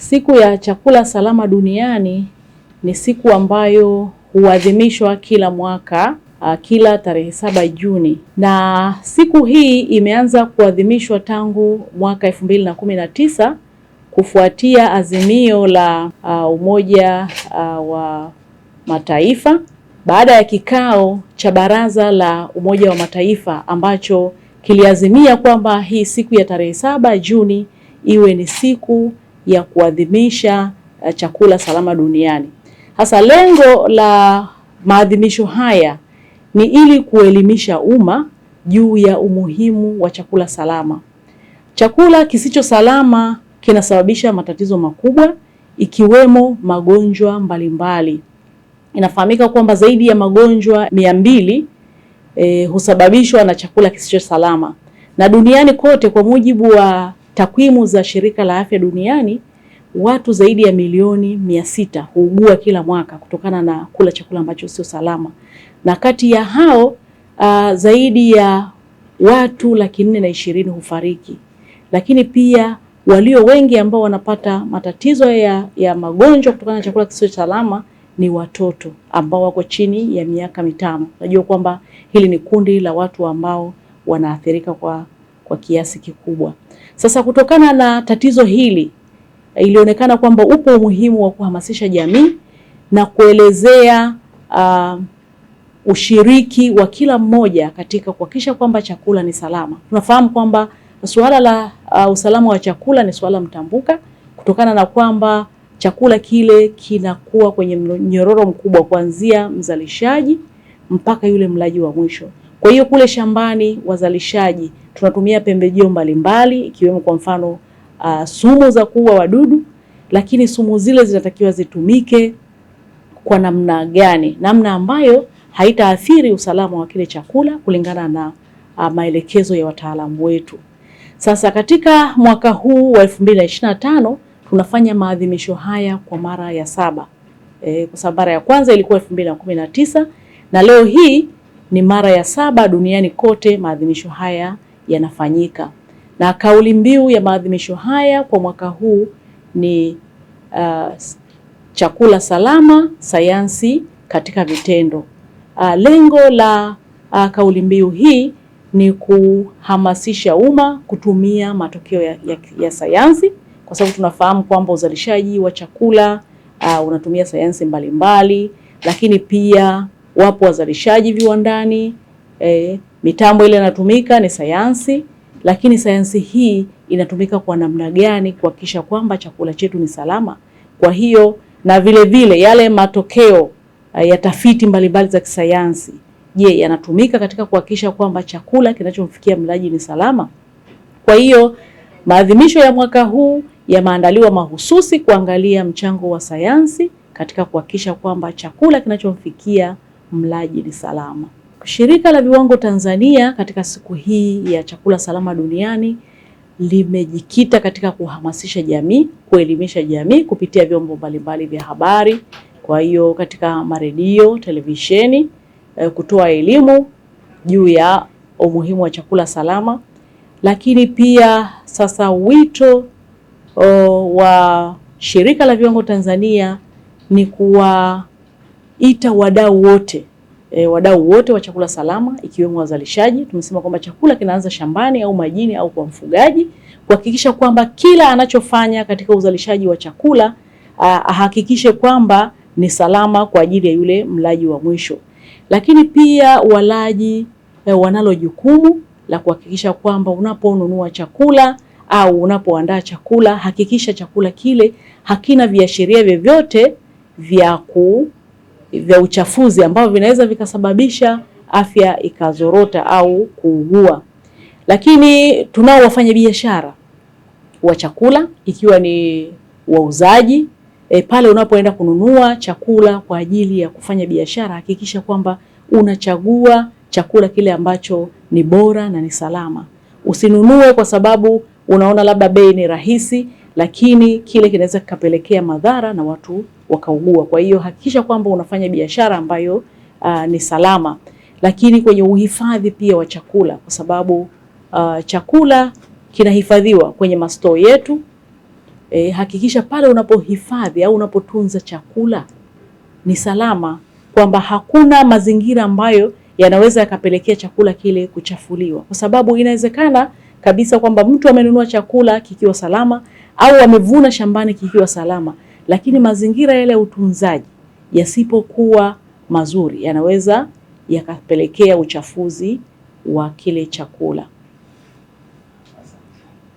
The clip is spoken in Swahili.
Siku ya chakula salama duniani ni siku ambayo huadhimishwa kila mwaka kila tarehe saba Juni, na siku hii imeanza kuadhimishwa tangu mwaka elfu mbili na kumi na tisa kufuatia azimio la uh, Umoja uh, wa Mataifa baada ya kikao cha Baraza la Umoja wa Mataifa ambacho kiliazimia kwamba hii siku ya tarehe saba Juni iwe ni siku ya kuadhimisha eh, chakula salama duniani. Hasa lengo la maadhimisho haya ni ili kuelimisha umma juu ya umuhimu wa chakula salama. Chakula kisicho salama kinasababisha matatizo makubwa ikiwemo magonjwa mbalimbali. Inafahamika kwamba zaidi ya magonjwa mia mbili eh, husababishwa na chakula kisicho salama, na duniani kote, kwa mujibu wa Takwimu za Shirika la Afya Duniani, watu zaidi ya milioni mia sita huugua kila mwaka kutokana na kula chakula ambacho sio salama, na kati ya hao uh, zaidi ya watu laki nne na ishirini hufariki, lakini pia walio wengi ambao wanapata matatizo ya, ya magonjwa kutokana na chakula kisicho salama ni watoto ambao wako chini ya miaka mitano. Unajua kwamba hili ni kundi la watu ambao wanaathirika kwa kwa kiasi kikubwa. Sasa kutokana na tatizo hili eh, ilionekana kwamba upo umuhimu wa kuhamasisha jamii na kuelezea uh, ushiriki wa kila mmoja katika kuhakikisha kwamba chakula ni salama. Tunafahamu kwamba suala la uh, usalama wa chakula ni suala mtambuka kutokana na kwamba chakula kile kinakuwa kwenye mnyororo mkubwa kuanzia mzalishaji mpaka yule mlaji wa mwisho. Kwa hiyo kule shambani wazalishaji tunatumia pembejeo mbalimbali ikiwemo kwa mfano uh, sumu za kuua wadudu, lakini sumu zile zinatakiwa zitumike kwa namna gani, namna ambayo haitaathiri usalama wa kile chakula kulingana na uh, maelekezo ya wataalamu wetu. Sasa katika mwaka huu wa 2025 tunafanya maadhimisho haya kwa mara ya saba e, kwa sababu mara ya kwanza ilikuwa 2019 na leo hii ni mara ya saba duniani kote maadhimisho haya yanafanyika, na kauli mbiu ya maadhimisho haya kwa mwaka huu ni uh, chakula salama, sayansi katika vitendo. Uh, lengo la uh, kauli mbiu hii ni kuhamasisha umma kutumia matokeo ya, ya, ya sayansi kwa sababu tunafahamu kwamba uzalishaji wa chakula uh, unatumia sayansi mbalimbali mbali, lakini pia wapo wazalishaji viwandani. E, mitambo ile inatumika ni sayansi, lakini sayansi hii inatumika kwa namna gani kuhakikisha kwamba chakula chetu ni salama? Kwa hiyo na vile vile yale matokeo eh, ya tafiti mbalimbali za kisayansi, je, yanatumika katika kuhakikisha kwamba chakula kinachomfikia mlaji ni salama? Kwa hiyo maadhimisho ya mwaka huu yameandaliwa mahususi kuangalia mchango wa sayansi katika kuhakikisha kwamba chakula kinachomfikia mlaji ni salama. Shirika la Viwango Tanzania katika siku hii ya chakula salama duniani limejikita katika kuhamasisha jamii, kuelimisha jamii kupitia vyombo mbalimbali vya habari, kwa hiyo katika maredio, televisheni, eh, kutoa elimu juu ya umuhimu wa chakula salama, lakini pia sasa wito o, oh, wa shirika la Viwango Tanzania ni kuwa ita wadau wote e, wadau wote wa chakula salama ikiwemo wazalishaji. Tumesema kwamba chakula kinaanza shambani au majini au kwa mfugaji, kuhakikisha kwamba kila anachofanya katika uzalishaji wa chakula ahakikishe kwamba ni salama kwa ajili ya yule mlaji wa mwisho. Lakini pia walaji e, wanalo jukumu la kuhakikisha kwamba unaponunua chakula au unapoandaa chakula hakikisha chakula kile hakina viashiria vyovyote vya ku vya uchafuzi ambavyo vinaweza vikasababisha afya ikazorota au kuugua. Lakini tunao wafanyabiashara wa chakula ikiwa ni wauzaji e, pale unapoenda kununua chakula kwa ajili ya kufanya biashara, hakikisha kwamba unachagua chakula kile ambacho ni bora na ni salama. Usinunue kwa sababu unaona labda bei ni rahisi, lakini kile kinaweza kikapelekea madhara na watu wakaugua. Kwa hiyo hakikisha kwamba unafanya biashara ambayo uh, ni salama, lakini kwenye uhifadhi pia wa chakula, kwa sababu uh, chakula kinahifadhiwa kwenye masto yetu. E, hakikisha pale unapohifadhi au unapotunza chakula ni salama, kwamba hakuna mazingira ambayo yanaweza yakapelekea chakula kile kuchafuliwa, kwa sababu inawezekana kabisa kwamba mtu amenunua chakula kikiwa salama au amevuna shambani kikiwa salama, lakini mazingira yale ya utunzaji yasipokuwa mazuri yanaweza yakapelekea uchafuzi wa kile chakula.